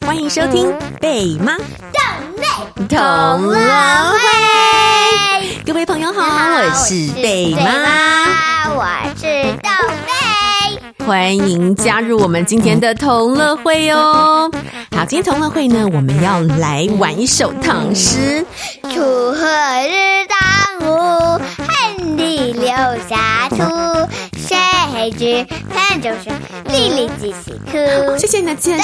歡迎收聽貝媽豆妹美同樂會，樂會各位朋友好，好是我是貝媽，我是豆妹。歡迎加入我們今天的同樂會哦。好，今天同樂會呢，我們要來玩一首唐詩，《鋤禾日當午，汗滴禾下土》。每一隻，那就是地理知識課。謝謝你的介紹。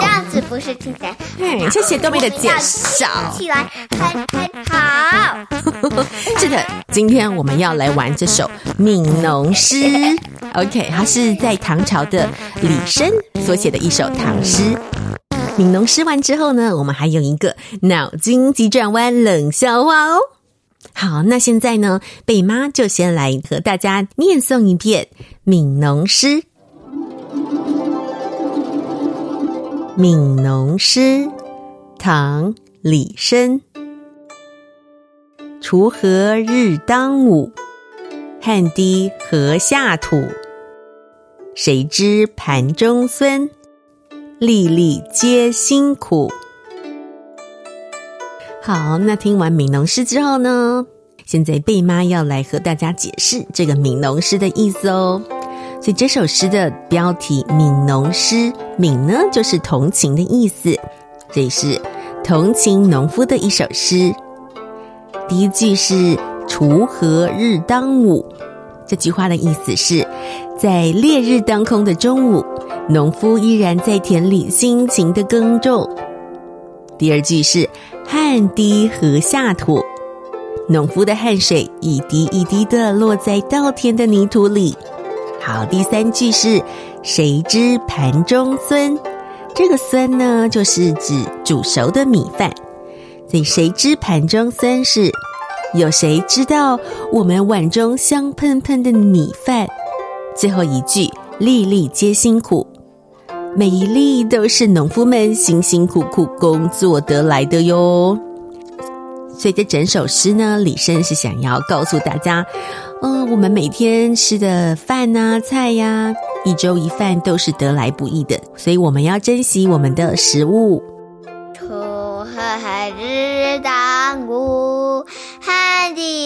這樣子不是聽起來的。謝謝豆妹的介紹。跳起來，拍拍跑。是的，今天我們要來玩這首《憫農詩》。 OK，它是在唐朝的李紳所寫的一首唐詩。《憫 農詩》完之後呢，我們還有一個腦筋急轉彎冷笑話哦。好，那現在呢，貝媽就先來和大家念誦一遍《憫農詩》。《憫農詩》唐，唐·李紳。鋤禾日當午，汗滴禾下土。誰知盤中餐，粒粒皆辛苦。好，那聽完《憫農詩》之後呢，現在貝媽要來和大家解釋這個《憫農詩》的意思哦。所以這首詩的標題《憫農詩》，憫呢就是同情的意思，這是同情農夫的一首詩。第一句是“鋤禾日當午”，這句話的意思是，在烈日當空的中午，農夫依然在田裡辛勤的耕種。第二句是汗滴禾下土，農夫的汗水一滴一滴的落在稻田的泥土裡。好，第三句是誰知盤中飧？這個飧呢，就是指煮熟的米飯。所以誰知盤中飧？是，有誰知道我們碗中香噴噴的米飯？最後一句粒粒皆辛苦。每一粒都是農夫們辛辛苦苦工作得來的喲。所以，這整首詩呢，李紳是想要告訴大家，嗯，我們每天吃的飯吶、啊、菜呀、啊，一粥一飯都是得來不易的，所以我們要珍惜我們的食物。鋤禾日當午，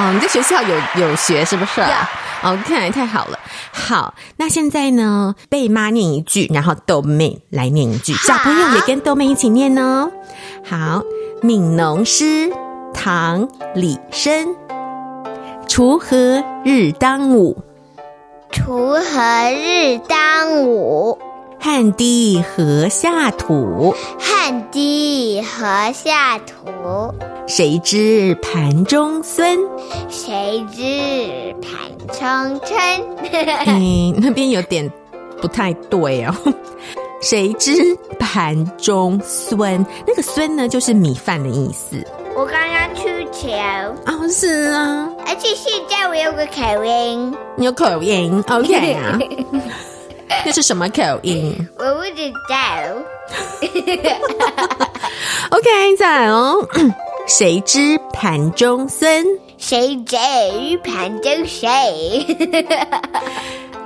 哦，你在學校有有學是不是、啊？Yeah. 哦，看來太好了。好，那現在呢？貝媽念一句，然後豆妹來念一句，好小朋友也跟豆妹一起念哦。好，《憫農》詩，唐，李紳。鋤禾日當午，鋤禾日當午。汗滴禾下土，汗滴禾下土。誰知盤中飧，誰知盤中飧？你、 欸、那邊有點不太對哦。 誰知盤中飧？那個“飧”呢，就是米飯的意思。我剛剛出糗啊，oh, 是啊，而且現在我有個口音，你有口音，OK 啊。這是什麼口音？我不知道。 OK，再來哦。誰 知盤中飧？誰知盤中飧？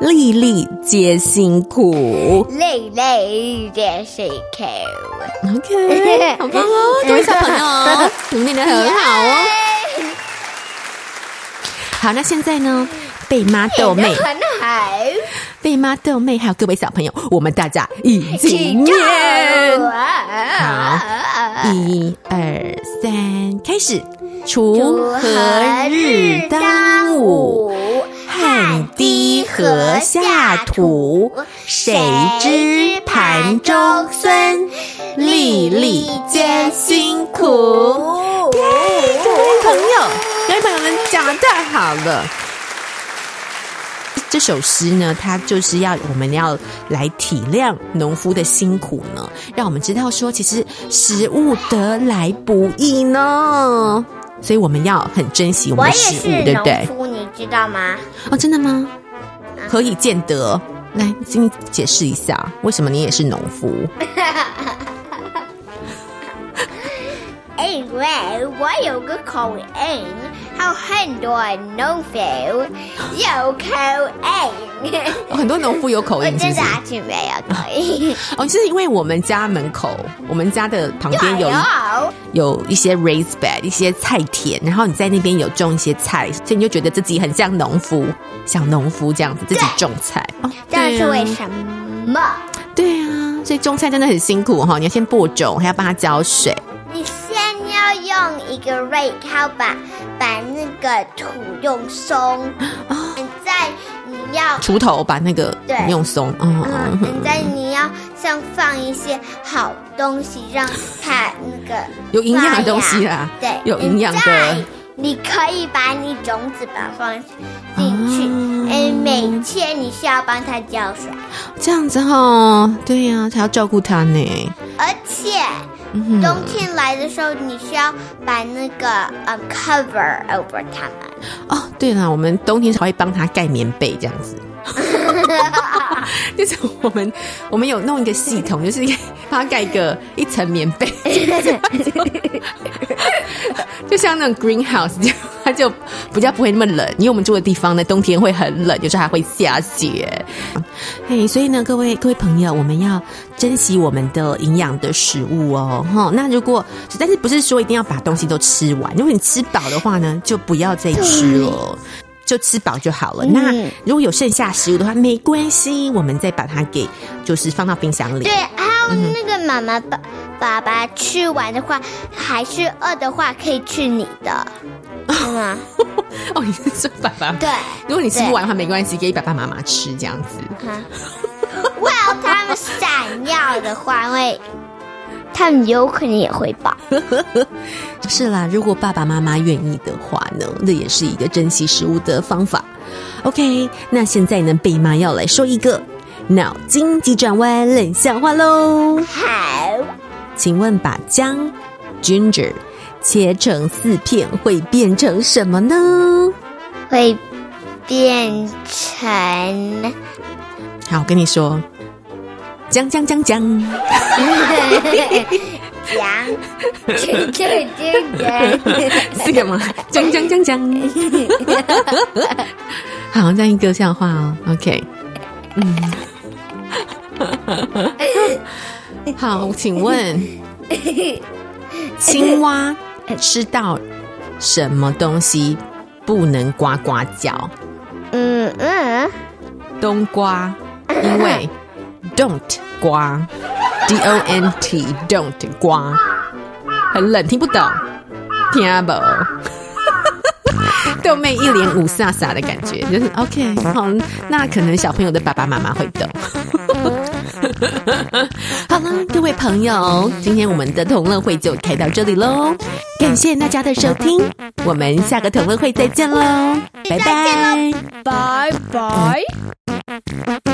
粒 粒皆辛苦。粒粒皆辛苦。 OK，好棒哦！各位小朋友，你們念的很好哦。耶好，那現在呢？貝媽豆妹，貝媽豆妹，還有各位小朋友，我們大家一起念，好，一二三，開始。鋤禾日當午，汗滴禾下土。誰知盤中餐，粒粒皆辛苦。各位朋友，各位朋友們，講的太好了。這首詩呢，它就是要我們要來體諒農夫的辛苦呢，讓我們知道說，其實食物得來不易呢，所以我們要很珍惜我們的食物，對不對？農夫，你知道嗎？哦，真的嗎？何、啊、以見得？來，請你解釋一下，為什麼你也是農夫？哎、 欸，喂，我有個口味。欸還有很多農夫有口音是是，很多農夫有口音，真的是沒有的。哦，就是因為我們家門口，我們家的旁邊有有一些 raised bed，一些菜田，然後你在那邊有種一些菜，所以你就覺得自己很像農夫，像農夫這樣子自己種菜，對，哦，對啊，這是為什麼？對啊，所以種菜真的很辛苦哈，你要先播種，還要幫它澆水。用一個 rake，還要把把那個土用鬆，哦、再你要鋤頭把那個用鬆，嗯對嗯，再你要像放一些好東西讓它那個有營養的東西啊對，有營養的，你可以把你種子把放進去，哎、哦，每天你需要幫它澆水，這樣子哈、哦，對呀、啊，他要照顧他呢，而且。嗯、冬天來的時候，你需要把那個呃、um, cover over 它們。哦，對了，我們冬天才會幫他蓋棉被這樣子。 就是我們，我們有弄一個系統，就是幫他蓋個一層棉被， 就像那種 greenhouse，就它就比較不會那麼冷。因為我們住的地方呢，冬天會很冷，有時候還會下雪。嘿，所以呢，各位各位朋友，我們要珍惜我們的營養的食物哦。那如果但是不是說一定要把東西都吃完？如果你吃飽的話呢，就不要再吃了。.就吃飽就好了。嗯、那如果有剩下食物的話，沒關係，我們再把它給就是放到冰箱裡。對，還有那個媽媽、嗯、哼爸爸，爸爸吃完的話，還是餓的話，可以吃你的，是哦，你是說爸爸？對，如果你吃不完的話，對沒關係，給爸爸媽媽吃這樣子。w e、啊、他們閃耀的因為。他們有可能也會吧， 是啦。如果爸爸媽媽願意的話呢，那也是一個珍惜食物的方法。OK，那現在呢，貝媽要來說一個腦筋急轉彎冷笑話嘍。好，請問把薑 （ginger） 切成四片會變成什麼呢？會變成……好，我跟你說。將將將將，對，將將將將，是嗎？將將將將，好，再一個笑話哦，OK，嗯，好，請問，青蛙吃到什麼東西不能呱呱叫？嗯嗯，冬瓜，因為。Don't 光，D O N T Don't 光，很冷，聽不懂，聽不懂。豆 妹一臉霧煞煞的感覺，就是 OK。好，那可能小朋友的爸爸媽媽會懂。 好了，各位朋友，今天我們的同樂會就開到這裡嘍，感謝大家的收聽，我們下個同樂會再見嘍，拜拜，拜拜 bye。Bye bye